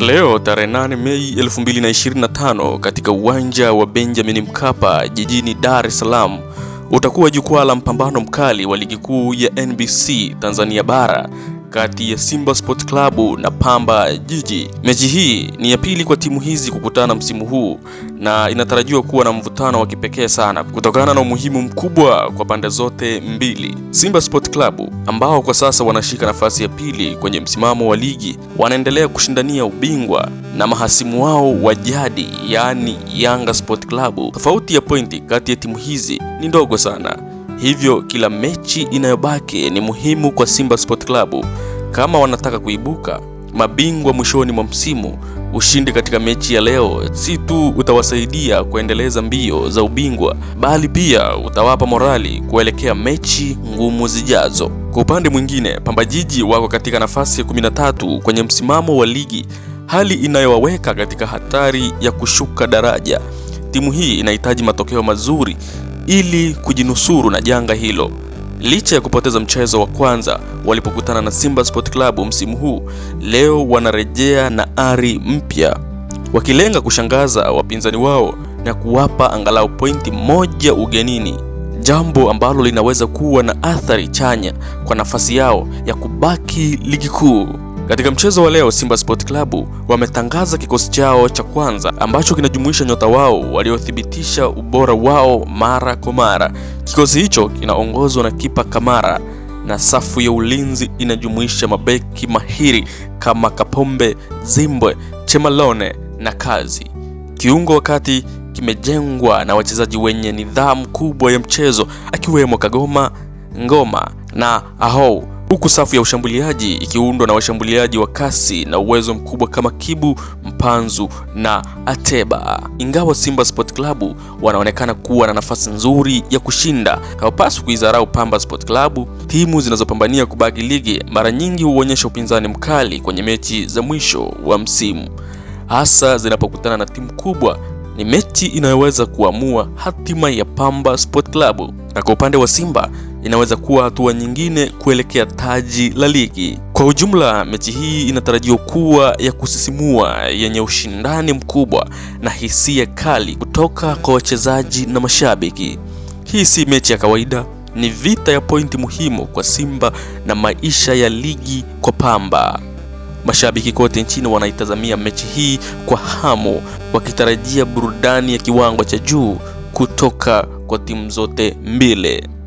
Leo tarehe 8 Mei 2025 katika uwanja wa Benjamin Mkapa jijini Dar es Salaam utakuwa jukwaa la mpambano mkali wa ligi kuu ya NBC Tanzania Bara kati ya Simba Sport Club na Pamba Jiji. Mechi hii ni ya pili kwa timu hizi kukutana msimu huu na inatarajiwa kuwa na mvutano wa kipekee sana kutokana na umuhimu mkubwa kwa pande zote mbili. Simba Sport Club ambao kwa sasa wanashika nafasi ya pili kwenye msimamo wa ligi, wanaendelea kushindania ubingwa na mahasimu wao wa jadi, yaani Yanga Sport Club. Tofauti ya pointi kati ya timu hizi ni ndogo sana Hivyo kila mechi inayobaki ni muhimu kwa Simba Sport Club kama wanataka kuibuka mabingwa mwishoni mwa msimu. Ushindi katika mechi ya leo si tu utawasaidia kuendeleza mbio za ubingwa, bali pia utawapa morali kuelekea mechi ngumu zijazo. Kwa upande mwingine, Pamba Jiji wako katika nafasi ya 13 kwenye msimamo wa ligi, hali inayowaweka katika hatari ya kushuka daraja. Timu hii inahitaji matokeo mazuri ili kujinusuru na janga hilo. Licha ya kupoteza mchezo wa kwanza walipokutana na Simba Sport Club msimu huu, leo wanarejea na ari mpya, wakilenga kushangaza wapinzani wao na kuwapa angalau pointi moja ugenini, jambo ambalo linaweza kuwa na athari chanya kwa nafasi yao ya kubaki ligi kuu. Katika mchezo wa leo Simba Sport Club wametangaza kikosi chao cha kwanza ambacho kinajumuisha nyota wao waliothibitisha ubora wao mara kwa mara. Kikosi hicho kinaongozwa na kipa Kamara na safu ya ulinzi inajumuisha mabeki mahiri kama Kapombe, Zimbwe, Chemalone na Kazi. Kiungo wa kati kimejengwa na wachezaji wenye nidhamu kubwa ya mchezo akiwemo Kagoma, Ngoma na Ahou huku safu ya ushambuliaji ikiundwa na washambuliaji wa kasi na uwezo mkubwa kama Kibu, Mpanzu na Ateba. Ingawa Simba Sport Club wanaonekana kuwa na nafasi nzuri ya kushinda, hawapaswi kuidharau Pamba Sport Club. Timu zinazopambania kubaki ligi mara nyingi huonyesha upinzani mkali kwenye mechi za mwisho wa msimu, hasa zinapokutana na timu kubwa. Ni mechi inayoweza kuamua hatima ya Pamba Sport Club. Na kwa upande wa Simba inaweza kuwa hatua nyingine kuelekea taji la ligi. Kwa ujumla, mechi hii inatarajiwa kuwa ya kusisimua, yenye ushindani mkubwa na hisia kali kutoka kwa wachezaji na mashabiki. Hii si mechi ya kawaida, ni vita ya pointi muhimu kwa Simba na maisha ya ligi kwa Pamba. Mashabiki kote nchini wanaitazamia mechi hii kwa hamu, wakitarajia burudani ya kiwango cha juu kutoka kwa timu zote mbili.